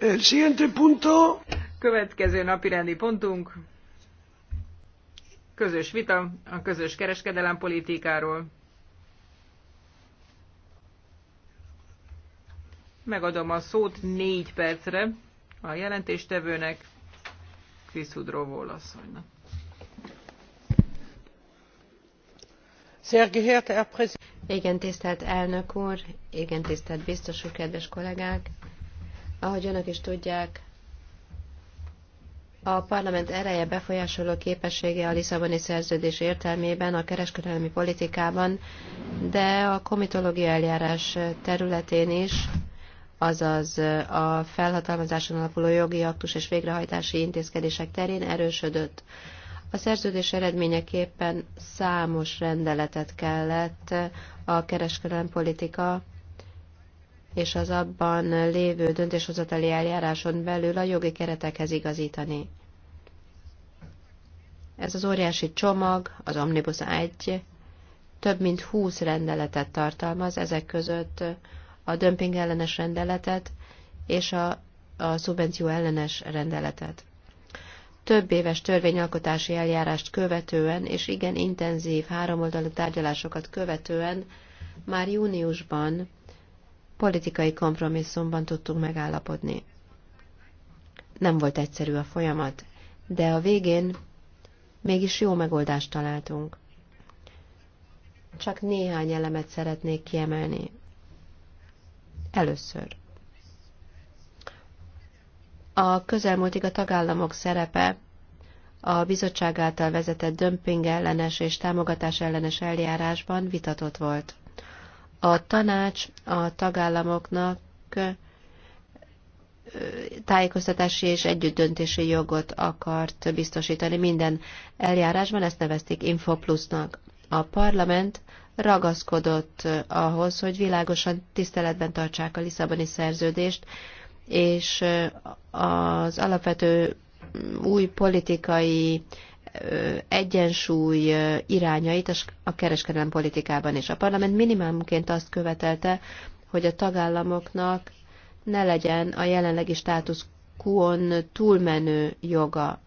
El siguiente punto. Következő napirendi pontunk. Közös vita a közös kereskedelem politikáról. Megadom a szót négy percre a jelentéstevőnek, Krisz Hudrovól asszonynak. Igen, tisztelt elnök úr, igen, tisztelt biztos úr, kedves kollégák! Ahogy önök is tudják, a parlament ereje befolyásoló képessége a Lisszaboni szerződés értelmében a kereskedelmi politikában, de a komitológia eljárás területén is, azaz a felhatalmazáson alapuló jogi aktus és végrehajtási intézkedések terén erősödött. A szerződés eredményeképpen számos rendeletet kellett a kereskedelmi politika és az abban lévő döntéshozatali eljáráson belül a jogi keretekhez igazítani. Ez az óriási csomag, az Omnibus 1, több mint 20 rendeletet tartalmaz, ezek között a dömping ellenes rendeletet és a, a szubvenció ellenes rendeletet. Több éves törvényalkotási eljárást követően és igen intenzív háromoldalú tárgyalásokat követően már júniusban politikai kompromisszumban tudtunk megállapodni. Nem volt egyszerű a folyamat, de a végén mégis jó megoldást találtunk. Csak néhány elemet szeretnék kiemelni. Először. A közelmúltig a tagállamok szerepe a bizottság által vezetett dömping ellenes és támogatás ellenes eljárásban vitatott volt. A tanács a tagállamoknak tájékoztatási és együttdöntési jogot akart biztosítani minden eljárásban, ezt nevezték Infoplusnak. A parlament ragaszkodott ahhoz, hogy világosan tiszteletben tartsák a Lisszaboni szerződést, és az alapvető új politikai egyensúly irányait a kereskedelem politikában is. A parlament minimumként azt követelte, hogy a tagállamoknak ne legyen a jelenlegi státusz kuon túlmenő joga.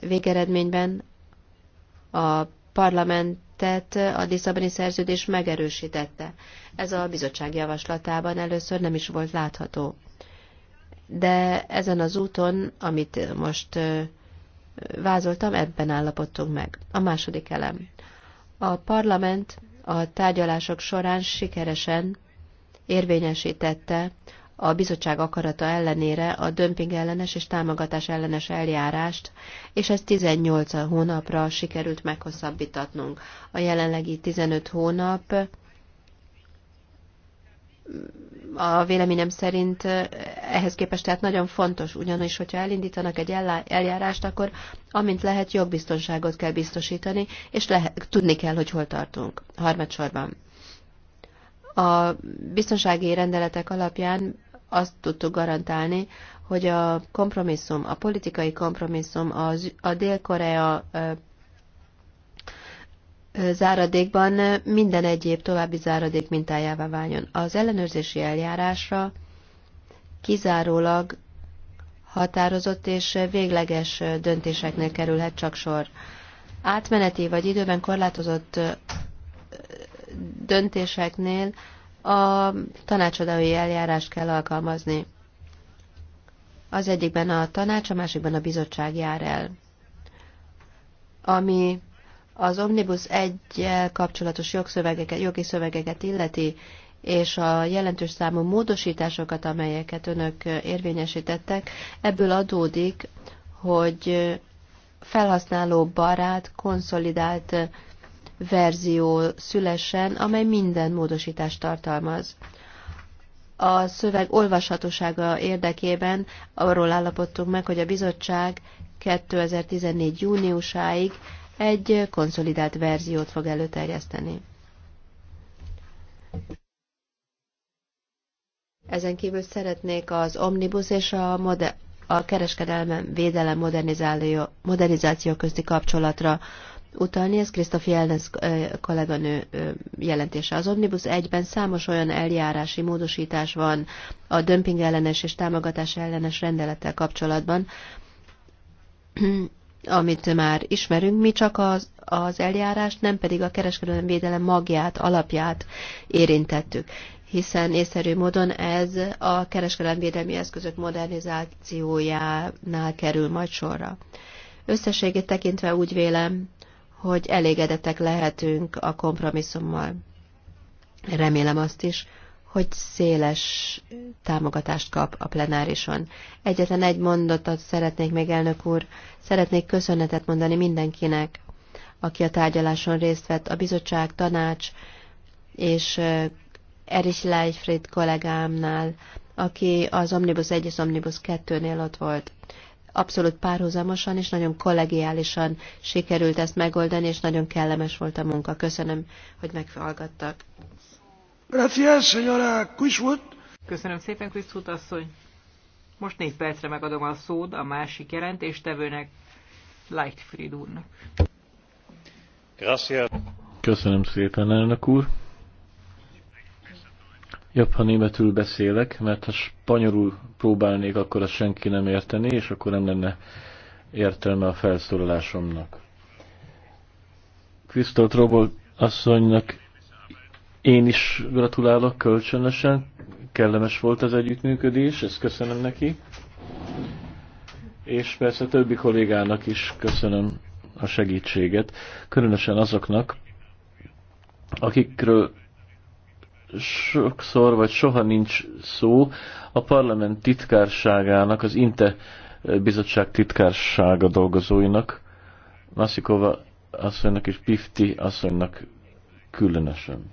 Végeredményben a parlamentet a Lisszaboni szerződés megerősítette. Ez a bizottság javaslatában először nem is volt látható. De ezen az úton, amit most vázoltam, ebben állapodtunk meg. A második elem. A parlament a tárgyalások során sikeresen érvényesítette a bizottság akarata ellenére a dömping ellenes és támogatás ellenes eljárást, és ezt 18 hónapra sikerült meghosszabbítatnunk. A jelenlegi 15 hónap a véleményem szerint ehhez képest tehát nagyon fontos, ugyanis, hogyha elindítanak egy eljárást, akkor amint lehet, jogbiztonságot kell biztosítani, és lehet, tudni kell, hogy hol tartunk. Harmadsorban. A biztonsági rendeletek alapján azt tudtuk garantálni, hogy a kompromisszum, a politikai kompromisszum az, a Dél-Korea záradékban minden egyéb további záradék mintájává váljon. Az ellenőrzési eljárásra kizárólag határozott és végleges döntéseknél kerülhet csak sor. Átmeneti vagy időben korlátozott döntéseknél a tanácsadói eljárást kell alkalmazni. Az egyikben a tanács, a másikban a bizottság jár el. Ami az Omnibus 1 kapcsolatos jogszövegeket, jogi szövegeket illeti, és a jelentős számú módosításokat, amelyeket önök érvényesítettek, ebből adódik, hogy felhasználó barát, konszolidált verzió szülessen, amely minden módosítást tartalmaz. A szöveg olvashatósága érdekében arról állapodtunk meg, hogy a bizottság 2014. júniusáig egy konszolidált verziót fog előterjeszteni. Ezen kívül szeretnék az omnibus és a, mode- a kereskedelme védelem modernizáció, modernizáció közti kapcsolatra utalni, ez Krisztof Jelens kolléganő jelentése. Az Omnibus egyben számos olyan eljárási módosítás van a dömping ellenes és támogatás ellenes rendelettel kapcsolatban, amit már ismerünk, mi csak az, az eljárást, nem pedig a kereskedelmi védelem magját, alapját érintettük hiszen észszerű módon ez a kereskedelemvédelmi eszközök modernizációjánál kerül majd sorra. Összességét tekintve úgy vélem, hogy elégedettek lehetünk a kompromisszummal. Remélem azt is, hogy széles támogatást kap a plenárison. Egyetlen egy mondatot szeretnék még, elnök úr, szeretnék köszönetet mondani mindenkinek, aki a tárgyaláson részt vett, a bizottság, tanács és Erich Leifried kollégámnál, aki az Omnibus 1 és Omnibus 2-nél ott volt. Abszolút párhuzamosan és nagyon kollegiálisan sikerült ezt megoldani, és nagyon kellemes volt a munka. Köszönöm, hogy meghallgattak. Köszönöm szépen, Quishwood asszony. Most négy percre megadom a szót a másik jelentéstevőnek, Lightfried úrnak. Köszönöm szépen, elnök úr. Jobb, ha németül beszélek, mert ha spanyolul próbálnék, akkor azt senki nem értené, és akkor nem lenne értelme a felszólalásomnak. Krisztolt Trobol asszonynak én is gratulálok kölcsönösen, kellemes volt az együttműködés, ezt köszönöm neki. És persze többi kollégának is köszönöm a segítséget, különösen azoknak, akikről sokszor vagy soha nincs szó, a parlament titkárságának, az INTE bizottság titkársága dolgozóinak, Masikova asszonynak és Pifti asszonynak különösen.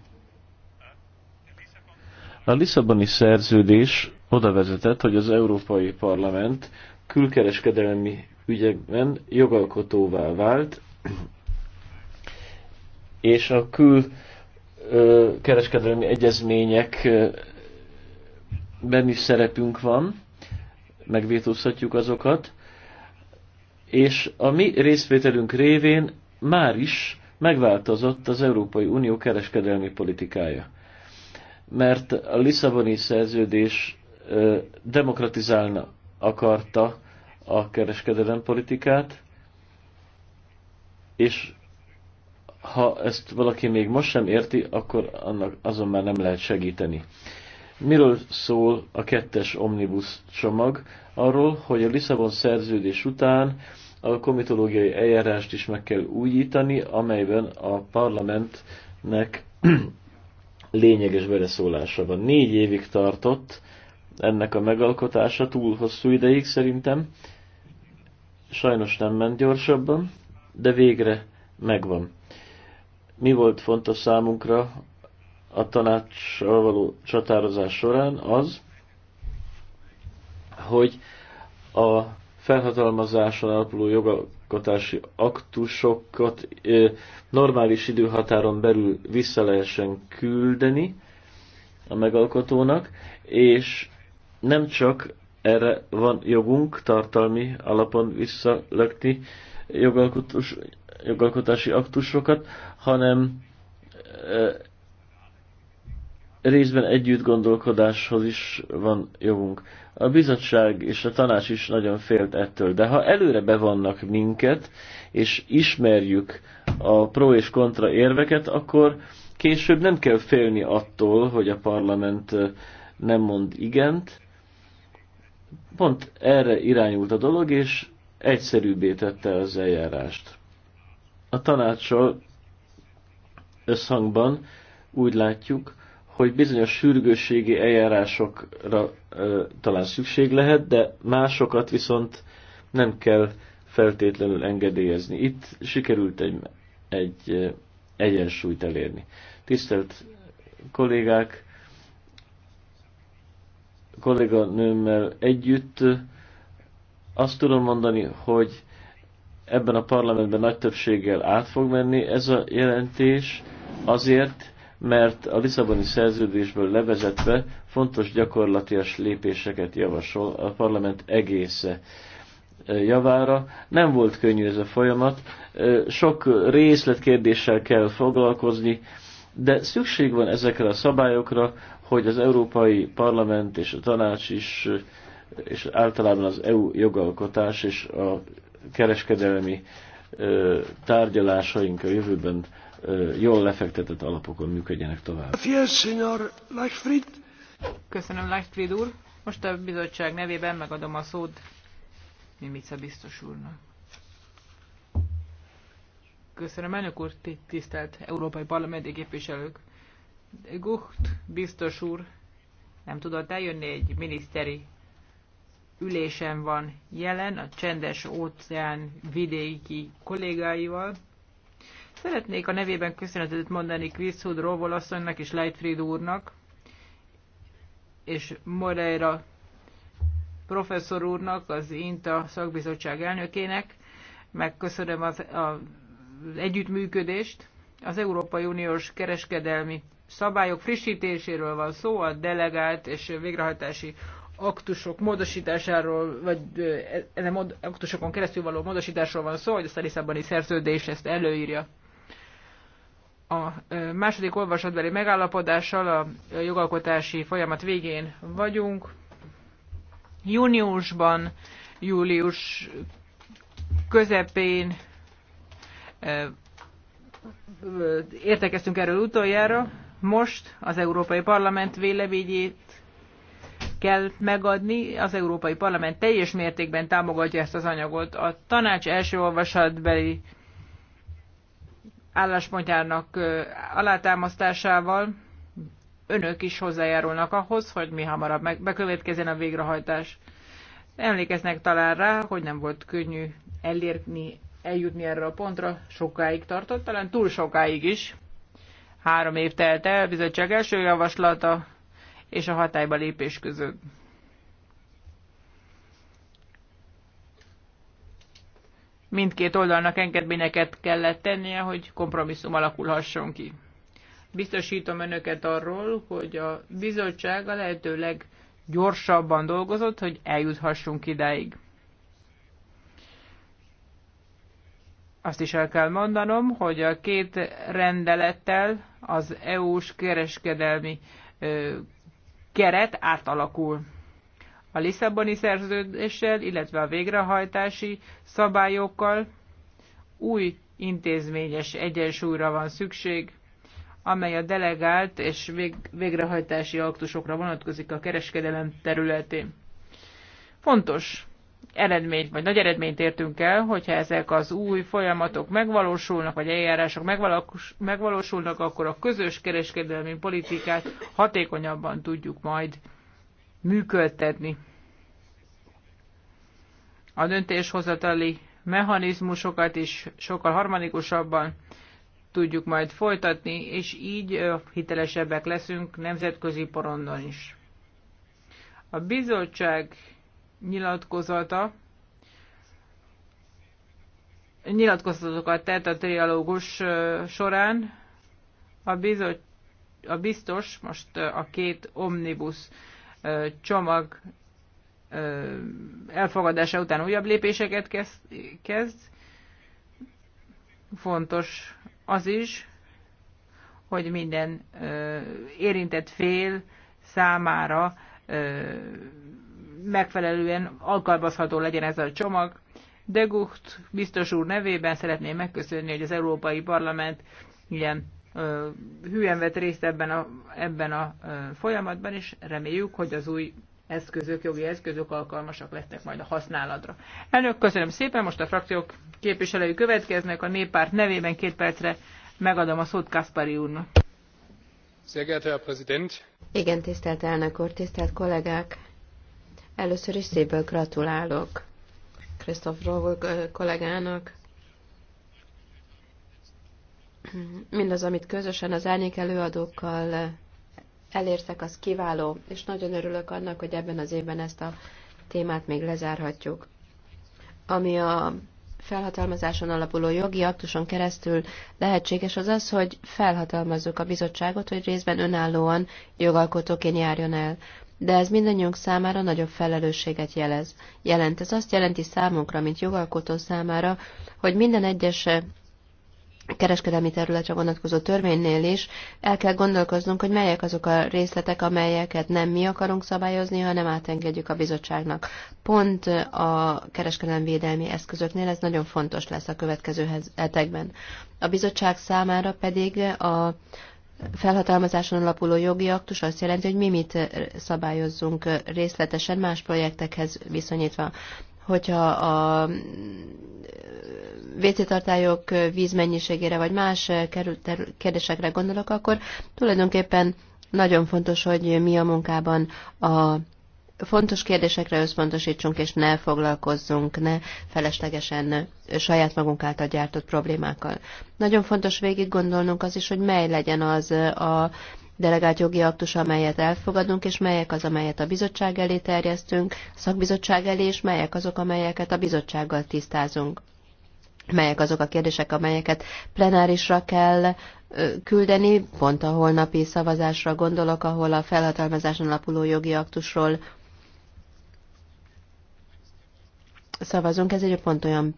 A Lisszaboni szerződés oda vezetett, hogy az Európai Parlament külkereskedelmi ügyekben jogalkotóvá vált, és a külkereskedelmi egyezményekben is szerepünk van, megvétózhatjuk azokat, és a mi részvételünk révén már is megváltozott az Európai Unió kereskedelmi politikája mert a Lisszaboni szerződés demokratizálna akarta a kereskedelem politikát, és ha ezt valaki még most sem érti, akkor annak azon már nem lehet segíteni. Miről szól a kettes omnibus csomag? Arról, hogy a Lisszabon szerződés után a komitológiai eljárást is meg kell újítani, amelyben a parlamentnek lényeges beleszólása van. Négy évig tartott ennek a megalkotása, túl hosszú ideig szerintem. Sajnos nem ment gyorsabban, de végre megvan. Mi volt fontos számunkra a tanácssal való csatározás során? Az, hogy a felhatalmazáson alapuló jogalkotási aktusokat normális időhatáron belül vissza lehessen küldeni a megalkotónak, és nem csak erre van jogunk tartalmi alapon visszalökni jogalkotási aktusokat, hanem részben együtt gondolkodáshoz is van jogunk. A bizottság és a tanács is nagyon félt ettől, de ha előre bevannak minket, és ismerjük a pro és kontra érveket, akkor később nem kell félni attól, hogy a parlament nem mond igent. Pont erre irányult a dolog, és egyszerűbbé tette az eljárást. A tanácssal összhangban úgy látjuk, hogy bizonyos sürgősségi eljárásokra ö, talán szükség lehet, de másokat viszont nem kell feltétlenül engedélyezni. Itt sikerült egy, egy egyensúlyt elérni. Tisztelt kollégák, kolléganőmmel együtt azt tudom mondani, hogy ebben a parlamentben nagy többséggel át fog menni ez a jelentés azért, mert a Lisszaboni szerződésből levezetve fontos gyakorlatias lépéseket javasol a parlament egésze e, javára. Nem volt könnyű ez a folyamat, e, sok részletkérdéssel kell foglalkozni, de szükség van ezekre a szabályokra, hogy az Európai Parlament és a Tanács is, és általában az EU jogalkotás és a kereskedelmi e, tárgyalásaink a jövőben jól lefektetett alapokon működjenek tovább. Köszönöm, Leichtfried úr. Most a bizottság nevében megadom a szót Mimica biztos úrnak. Köszönöm, elnök úr, tisztelt Európai Parlamenti képviselők. Gucht biztos úr nem tudott eljönni, egy miniszteri ülésen van jelen a csendes óceán vidéki kollégáival. Szeretnék a nevében köszönetet mondani Kriszhud Róvol asszonynak és Leitfried úrnak, és Moreira professzor úrnak, az INTA szakbizottság elnökének. Megköszönöm az, az együttműködést. Az Európai Uniós kereskedelmi szabályok frissítéséről van szó, a delegált és végrehajtási aktusok módosításáról, vagy ezen e, aktusokon keresztül való módosításról van szó, hogy a Szeriszabani szerződés ezt előírja a második olvasatbeli megállapodással a jogalkotási folyamat végén vagyunk. Júniusban, július közepén értekeztünk erről utoljára. Most az Európai Parlament véleményét kell megadni. Az Európai Parlament teljes mértékben támogatja ezt az anyagot. A tanács első olvasatbeli álláspontjának alátámasztásával önök is hozzájárulnak ahhoz, hogy mi hamarabb bekövetkezzen a végrehajtás. Emlékeznek talán rá, hogy nem volt könnyű elérni, eljutni erre a pontra, sokáig tartott, talán túl sokáig is. Három év telt el, bizottság első javaslata és a hatályba lépés között. mindkét oldalnak engedményeket kellett tennie, hogy kompromisszum alakulhasson ki. Biztosítom önöket arról, hogy a bizottság a lehető leggyorsabban dolgozott, hogy eljuthassunk idáig. Azt is el kell mondanom, hogy a két rendelettel az EU-s kereskedelmi keret átalakul a Lisszaboni szerződéssel, illetve a végrehajtási szabályokkal új intézményes egyensúlyra van szükség, amely a delegált és végrehajtási aktusokra vonatkozik a kereskedelem területén. Fontos eredményt, vagy nagy eredményt értünk el, hogyha ezek az új folyamatok megvalósulnak, vagy eljárások megvalósulnak, akkor a közös kereskedelmi politikát hatékonyabban tudjuk majd működtetni a döntéshozatali mechanizmusokat is sokkal harmonikusabban tudjuk majd folytatni, és így hitelesebbek leszünk nemzetközi porondon is. A bizottság nyilatkozata nyilatkozatokat tett a trialógus során. A, bizot, a biztos most a két omnibus csomag elfogadása után újabb lépéseket kezd, Fontos az is, hogy minden érintett fél számára megfelelően alkalmazható legyen ez a csomag. De Gucht biztos úr nevében szeretném megköszönni, hogy az Európai Parlament ilyen hűen vett részt ebben a, ebben a folyamatban, és reméljük, hogy az új eszközök, jogi eszközök alkalmasak lesznek majd a használatra. Elnök, köszönöm szépen, most a frakciók képviselői következnek, a néppárt nevében két percre megadom a szót Kaspari úrnak. Igen, tisztelt elnök úr, tisztelt kollégák! Először is szépen gratulálok Krisztof Rovol kollégának. Mindaz, amit közösen az árnyék előadókkal elértek, az kiváló, és nagyon örülök annak, hogy ebben az évben ezt a témát még lezárhatjuk. Ami a felhatalmazáson alapuló jogi aktuson keresztül lehetséges az az, hogy felhatalmazzuk a bizottságot, hogy részben önállóan jogalkotóként járjon el. De ez mindannyiunk számára nagyobb felelősséget jelez. Jelent ez azt jelenti számunkra, mint jogalkotó számára, hogy minden egyes kereskedelmi területre vonatkozó törvénynél is el kell gondolkoznunk, hogy melyek azok a részletek, amelyeket nem mi akarunk szabályozni, hanem átengedjük a bizottságnak. Pont a kereskedelemvédelmi eszközöknél ez nagyon fontos lesz a következő hetekben. A bizottság számára pedig a felhatalmazáson alapuló jogi aktus azt jelenti, hogy mi mit eh, szabályozzunk eh, részletesen más projektekhez viszonyítva hogyha a mm, vécétartályok vízmennyiségére vagy más eh, kérdésekre gondolok, akkor tulajdonképpen nagyon fontos, hogy mi a munkában a fontos kérdésekre összpontosítsunk, és ne foglalkozzunk, ne feleslegesen eh, saját magunk által gyártott problémákkal. Nagyon fontos végig gondolnunk az is, hogy mely legyen az eh, a delegált jogi aktus, amelyet elfogadunk, és melyek az, amelyet a bizottság elé terjesztünk, a szakbizottság elé, és melyek azok, amelyeket a bizottsággal tisztázunk. Melyek azok a kérdések, amelyeket plenárisra kell küldeni, pont a holnapi szavazásra gondolok, ahol a felhatalmazáson alapuló jogi aktusról szavazunk. Ez egy pont olyan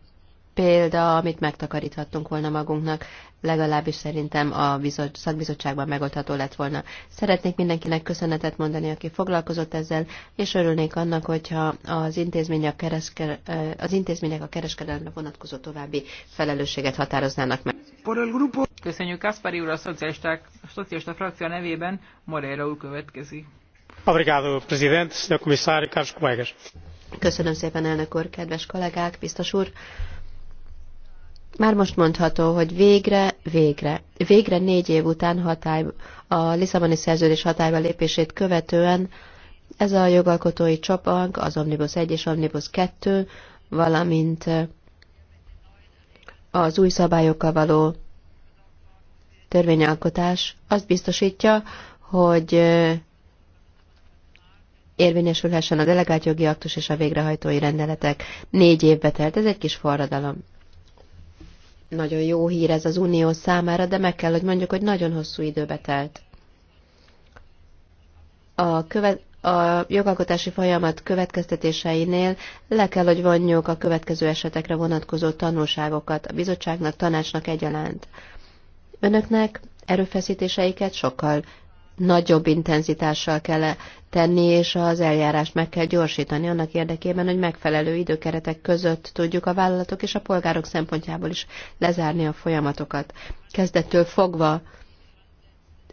példa, amit megtakaríthattunk volna magunknak legalábbis szerintem a szakbizottságban megoldható lett volna. Szeretnék mindenkinek köszönetet mondani, aki foglalkozott ezzel, és örülnék annak, hogyha az, intézmények, a eh, az intézmények a kereskedelemre vonatkozó további felelősséget határoznának meg. Köszönjük Kaspari úr a szocialisták, a szocialista frakció nevében, Moreira úr következik. Obrigado, presidente, senhor comissário, caros colegas. Köszönöm szépen, elnök úr, kedves kollégák, biztos úr. Már most mondható, hogy végre, végre, végre négy év után hatály, a Lisszaboni szerződés hatályba lépését követően ez a jogalkotói csapank, az Omnibus 1 és Omnibus 2, valamint az új szabályokkal való törvényalkotás azt biztosítja, hogy érvényesülhessen a delegált jogi aktus és a végrehajtói rendeletek. Négy évbe telt, ez egy kis forradalom. Nagyon jó hír ez az unió számára, de meg kell, hogy mondjuk, hogy nagyon hosszú időbe telt. A, követ, a jogalkotási folyamat következtetéseinél le kell, hogy vonjuk a következő esetekre vonatkozó tanulságokat a bizottságnak, tanácsnak egyaránt. Önöknek erőfeszítéseiket sokkal nagyobb intenzitással kell -e tenni, és az eljárást meg kell gyorsítani annak érdekében, hogy megfelelő időkeretek között tudjuk a vállalatok és a polgárok szempontjából is lezárni a folyamatokat. Kezdettől fogva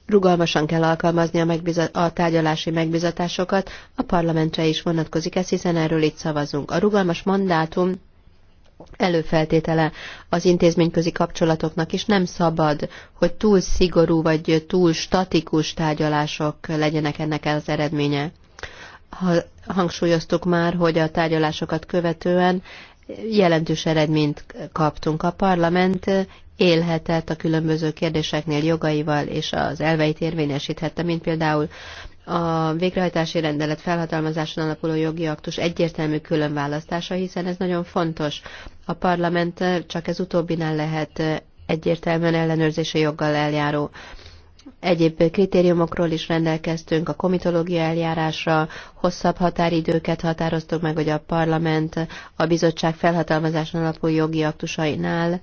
rugalmasan kell alkalmazni a, a tárgyalási megbizatásokat, a parlamentre is vonatkozik ez, hiszen erről itt szavazunk. A rugalmas mandátum előfeltétele az intézményközi kapcsolatoknak, és nem szabad, hogy túl szigorú vagy túl statikus tárgyalások legyenek ennek az eredménye. Ha hangsúlyoztuk már, hogy a tárgyalásokat követően jelentős eredményt kaptunk. A parlament élhetett a különböző kérdéseknél jogaival, és az elveit érvényesíthette, mint például a végrehajtási rendelet felhatalmazáson alapuló jogi aktus egyértelmű különválasztása, hiszen ez nagyon fontos. A parlament csak ez utóbbinál lehet egyértelműen ellenőrzési joggal eljáró. Egyéb kritériumokról is rendelkeztünk, a komitológia eljárásra hosszabb határidőket határoztuk meg, hogy a parlament a bizottság felhatalmazáson alapuló jogi aktusainál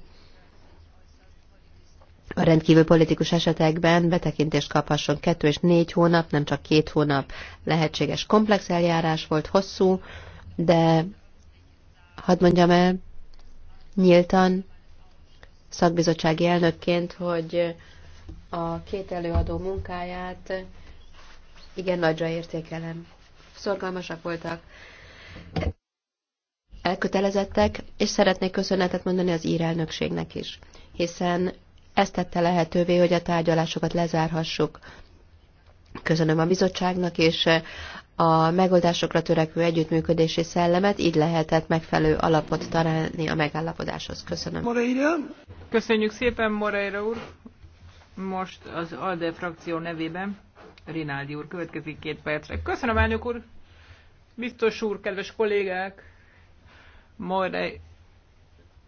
a rendkívül politikus esetekben betekintést kaphasson kettő és négy hónap, nem csak két hónap lehetséges komplex eljárás volt, hosszú, de hadd mondjam el nyíltan szakbizottsági elnökként, hogy a két előadó munkáját igen nagyra értékelem. Szorgalmasak voltak, elkötelezettek, és szeretnék köszönetet mondani az írelnökségnek is, hiszen ezt tette lehetővé, hogy a tárgyalásokat lezárhassuk. Köszönöm a bizottságnak és a megoldásokra törekvő együttműködési szellemet, így lehetett megfelelő alapot találni a megállapodáshoz. Köszönöm. Moreira. Köszönjük szépen, Moreira úr. Most az ALDE frakció nevében Rinaldi úr következik két percre. Köszönöm, elnök úr. Biztos úr, kedves kollégák. Moreira,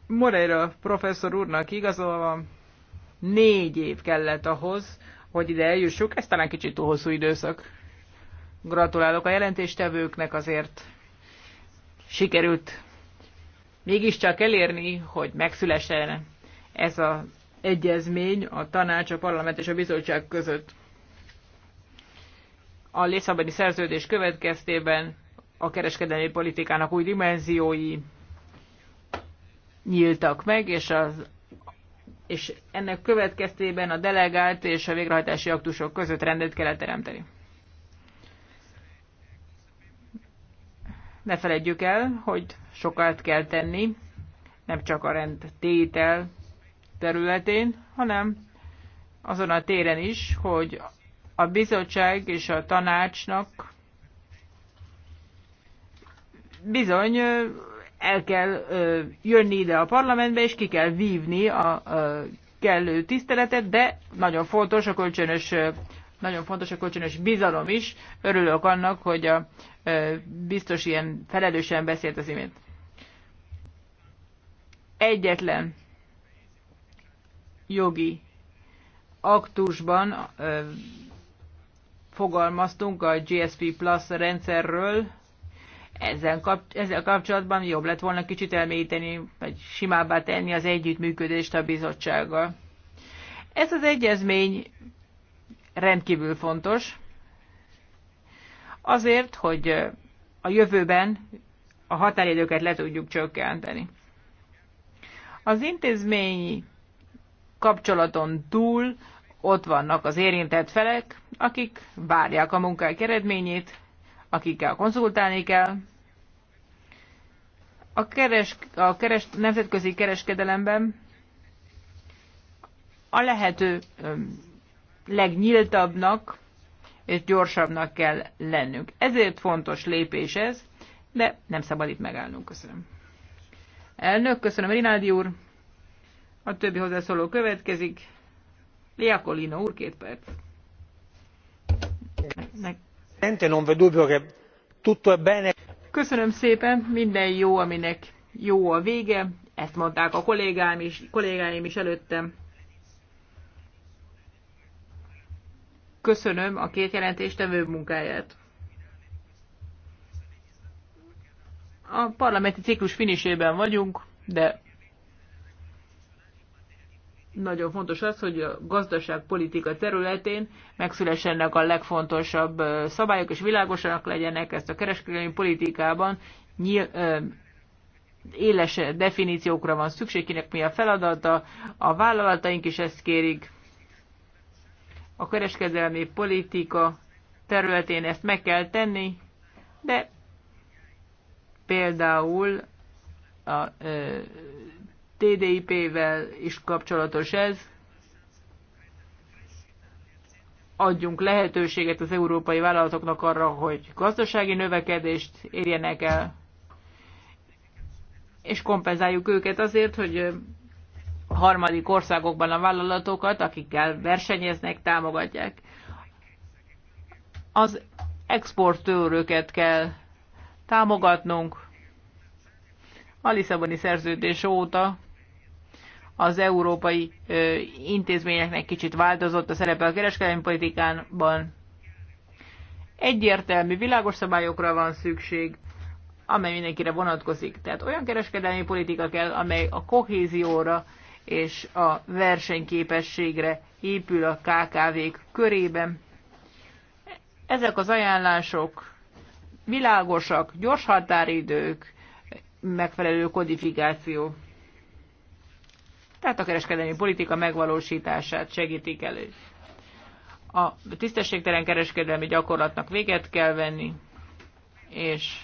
Moreira professzor úrnak igazolva négy év kellett ahhoz, hogy ide eljussuk, ez talán kicsit túl hosszú időszak. Gratulálok a jelentéstevőknek azért. Sikerült mégiscsak elérni, hogy megszülesen ez az egyezmény a tanács, a parlament és a bizottság között. A Lészabadi szerződés következtében a kereskedelmi politikának új dimenziói nyíltak meg, és az és ennek következtében a delegált és a végrehajtási aktusok között rendet kellett teremteni. Ne feledjük el, hogy sokat kell tenni, nem csak a rend tétel területén, hanem azon a téren is, hogy a bizottság és a tanácsnak bizony el kell ö, jönni ide a parlamentbe, és ki kell vívni a, a kellő tiszteletet, de nagyon fontos a kölcsönös nagyon fontos a kölcsönös bizalom is. Örülök annak, hogy a ö, biztos ilyen felelősen beszélt az imént. Egyetlen jogi aktusban ö, fogalmaztunk a GSP Plus rendszerről, ezzel, kap, ezzel kapcsolatban jobb lett volna kicsit elmélyíteni, vagy simábbá tenni az együttműködést a bizottsággal. Ez az egyezmény rendkívül fontos, azért, hogy a jövőben a határidőket le tudjuk csökkenteni. Az intézményi kapcsolaton túl ott vannak az érintett felek, akik várják a munkák eredményét, akikkel konzultálni kell. A, keres, a keres, nemzetközi kereskedelemben a lehető legnyíltabbnak és gyorsabbnak kell lennünk. Ezért fontos lépés ez, de nem szabad itt megállnunk. Köszönöm. Elnök, köszönöm Rinaldi úr. A többi hozzászóló következik. Liakolino úr, két perc. Ne- Köszönöm szépen, minden jó, aminek jó a vége. Ezt mondták a kollégáim is, kollégáim is előttem. Köszönöm a két jelentéstevő munkáját. A parlamenti ciklus finisében vagyunk, de nagyon fontos az, hogy a gazdaságpolitika területén megszülessenek a legfontosabb szabályok, és világosanak legyenek ezt a kereskedelmi politikában. Nyil, ö, éles definíciókra van szükség, kinek mi a feladata, a vállalataink is ezt kérik. A kereskedelmi politika területén ezt meg kell tenni, de például a ö, TDIP-vel is kapcsolatos ez. Adjunk lehetőséget az európai vállalatoknak arra, hogy gazdasági növekedést érjenek el, és kompenzáljuk őket azért, hogy harmadik országokban a vállalatokat, akikkel versenyeznek, támogatják. Az exportőröket kell támogatnunk. A Lisszaboni szerződés óta az európai intézményeknek kicsit változott a szerepe a kereskedelmi politikában. Egyértelmű, világos szabályokra van szükség, amely mindenkire vonatkozik. Tehát olyan kereskedelmi politika kell, amely a kohézióra és a versenyképességre épül a KKV-k körében. Ezek az ajánlások világosak, gyors határidők, megfelelő kodifikáció tehát a kereskedelmi politika megvalósítását segítik elő. A tisztességtelen kereskedelmi gyakorlatnak véget kell venni, és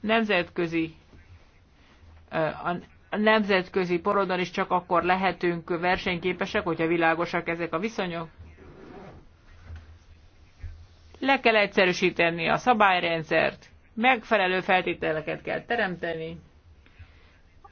nemzetközi a nemzetközi porodon is csak akkor lehetünk versenyképesek, hogyha világosak ezek a viszonyok. Le kell egyszerűsíteni a szabályrendszert, megfelelő feltételeket kell teremteni,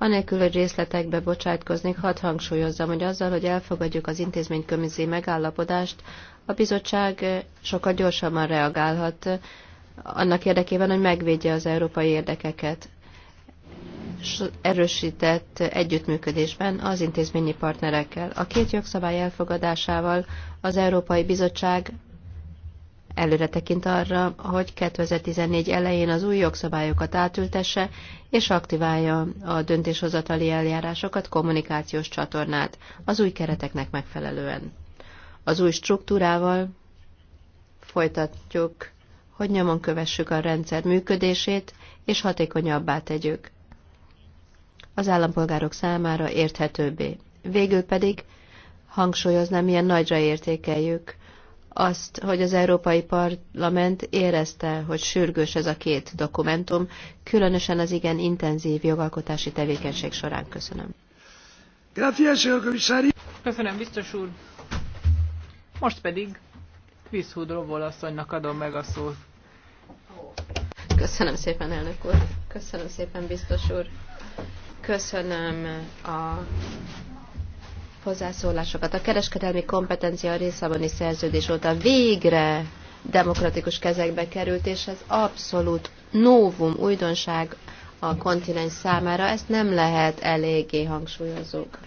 Anélkül, hogy részletekbe bocsátkoznék, hadd hangsúlyozzam, hogy azzal, hogy elfogadjuk az intézménykömizi megállapodást, a bizottság sokkal gyorsabban reagálhat annak érdekében, hogy megvédje az európai érdekeket erősített együttműködésben az intézményi partnerekkel. A két jogszabály elfogadásával az Európai Bizottság előre tekint arra, hogy 2014 elején az új jogszabályokat átültesse és aktiválja a döntéshozatali eljárásokat, kommunikációs csatornát az új kereteknek megfelelően. Az új struktúrával folytatjuk, hogy nyomon kövessük a rendszer működését és hatékonyabbá tegyük. Az állampolgárok számára érthetőbbé. Végül pedig hangsúlyoznám, milyen nagyra értékeljük azt, hogy az Európai Parlament érezte, hogy sürgős ez a két dokumentum, különösen az igen intenzív jogalkotási tevékenység során. Köszönöm. Köszönöm, biztos úr. Most pedig Viszhúd asszonynak adom meg a szót. Köszönöm szépen, elnök úr. Köszönöm szépen, biztos úr. Köszönöm a hozzászólásokat. A kereskedelmi kompetencia a Lisszaboni szerződés óta végre demokratikus kezekbe került, és ez abszolút novum, újdonság a kontinens számára. Ezt nem lehet eléggé hangsúlyozók.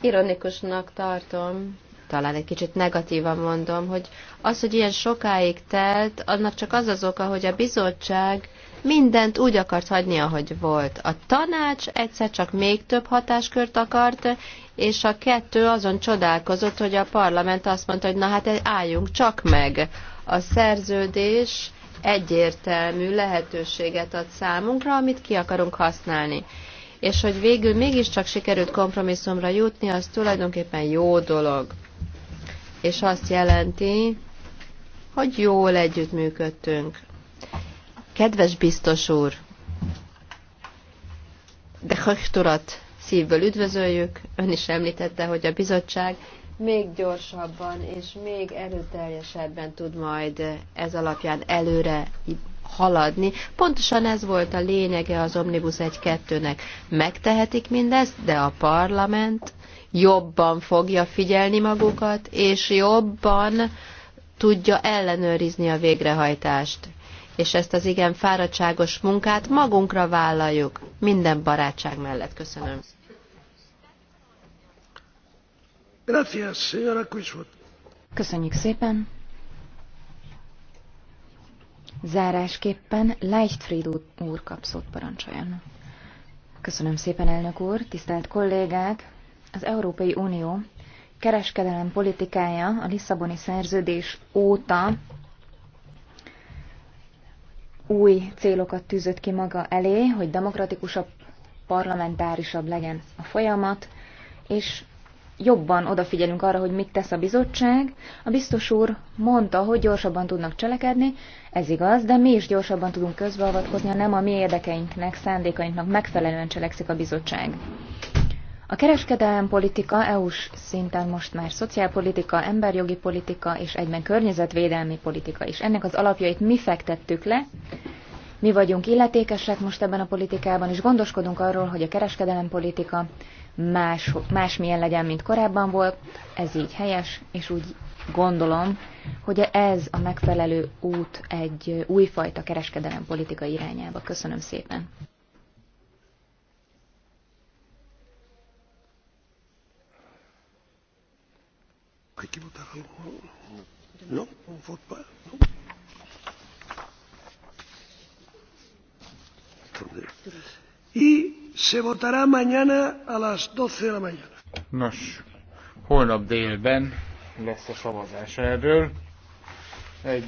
Ironikusnak tartom, talán egy kicsit negatívan mondom, hogy az, hogy ilyen sokáig telt, annak csak az az oka, hogy a bizottság mindent úgy akart hagyni, ahogy volt. A tanács egyszer csak még több hatáskört akart, és a kettő azon csodálkozott, hogy a parlament azt mondta, hogy na hát álljunk csak meg. A szerződés egyértelmű lehetőséget ad számunkra, amit ki akarunk használni. És hogy végül mégiscsak sikerült kompromisszumra jutni, az tulajdonképpen jó dolog. És azt jelenti, hogy jól együttműködtünk. Kedves biztos úr, de Höchturat szívből üdvözöljük. Ön is említette, hogy a bizottság még gyorsabban és még erőteljesebben tud majd ez alapján előre haladni. Pontosan ez volt a lényege az Omnibus 1-2-nek. Megtehetik mindezt, de a parlament jobban fogja figyelni magukat, és jobban tudja ellenőrizni a végrehajtást és ezt az igen fáradtságos munkát magunkra vállaljuk, minden barátság mellett. Köszönöm. Köszönjük szépen. Zárásképpen Leichtfried úr kap szót parancsoljon. Köszönöm szépen, elnök úr, tisztelt kollégák! Az Európai Unió kereskedelem politikája a Lisszaboni szerződés óta új célokat tűzött ki maga elé, hogy demokratikusabb, parlamentárisabb legyen a folyamat, és jobban odafigyelünk arra, hogy mit tesz a bizottság. A biztos úr mondta, hogy gyorsabban tudnak cselekedni, ez igaz, de mi is gyorsabban tudunk közbeavatkozni, ha nem a mi érdekeinknek, szándékainknak megfelelően cselekszik a bizottság. A politika EU-s szinten most már szociálpolitika, emberjogi politika és egyben környezetvédelmi politika is. Ennek az alapjait mi fektettük le, mi vagyunk illetékesek most ebben a politikában, és gondoskodunk arról, hogy a politika más, milyen legyen, mint korábban volt. Ez így helyes, és úgy gondolom, hogy ez a megfelelő út egy újfajta politika irányába. Köszönöm szépen! Hay No, Y se votará mañana a las 12 de la mañana. Nos, holnap délben lesz a szavazás erről. Egy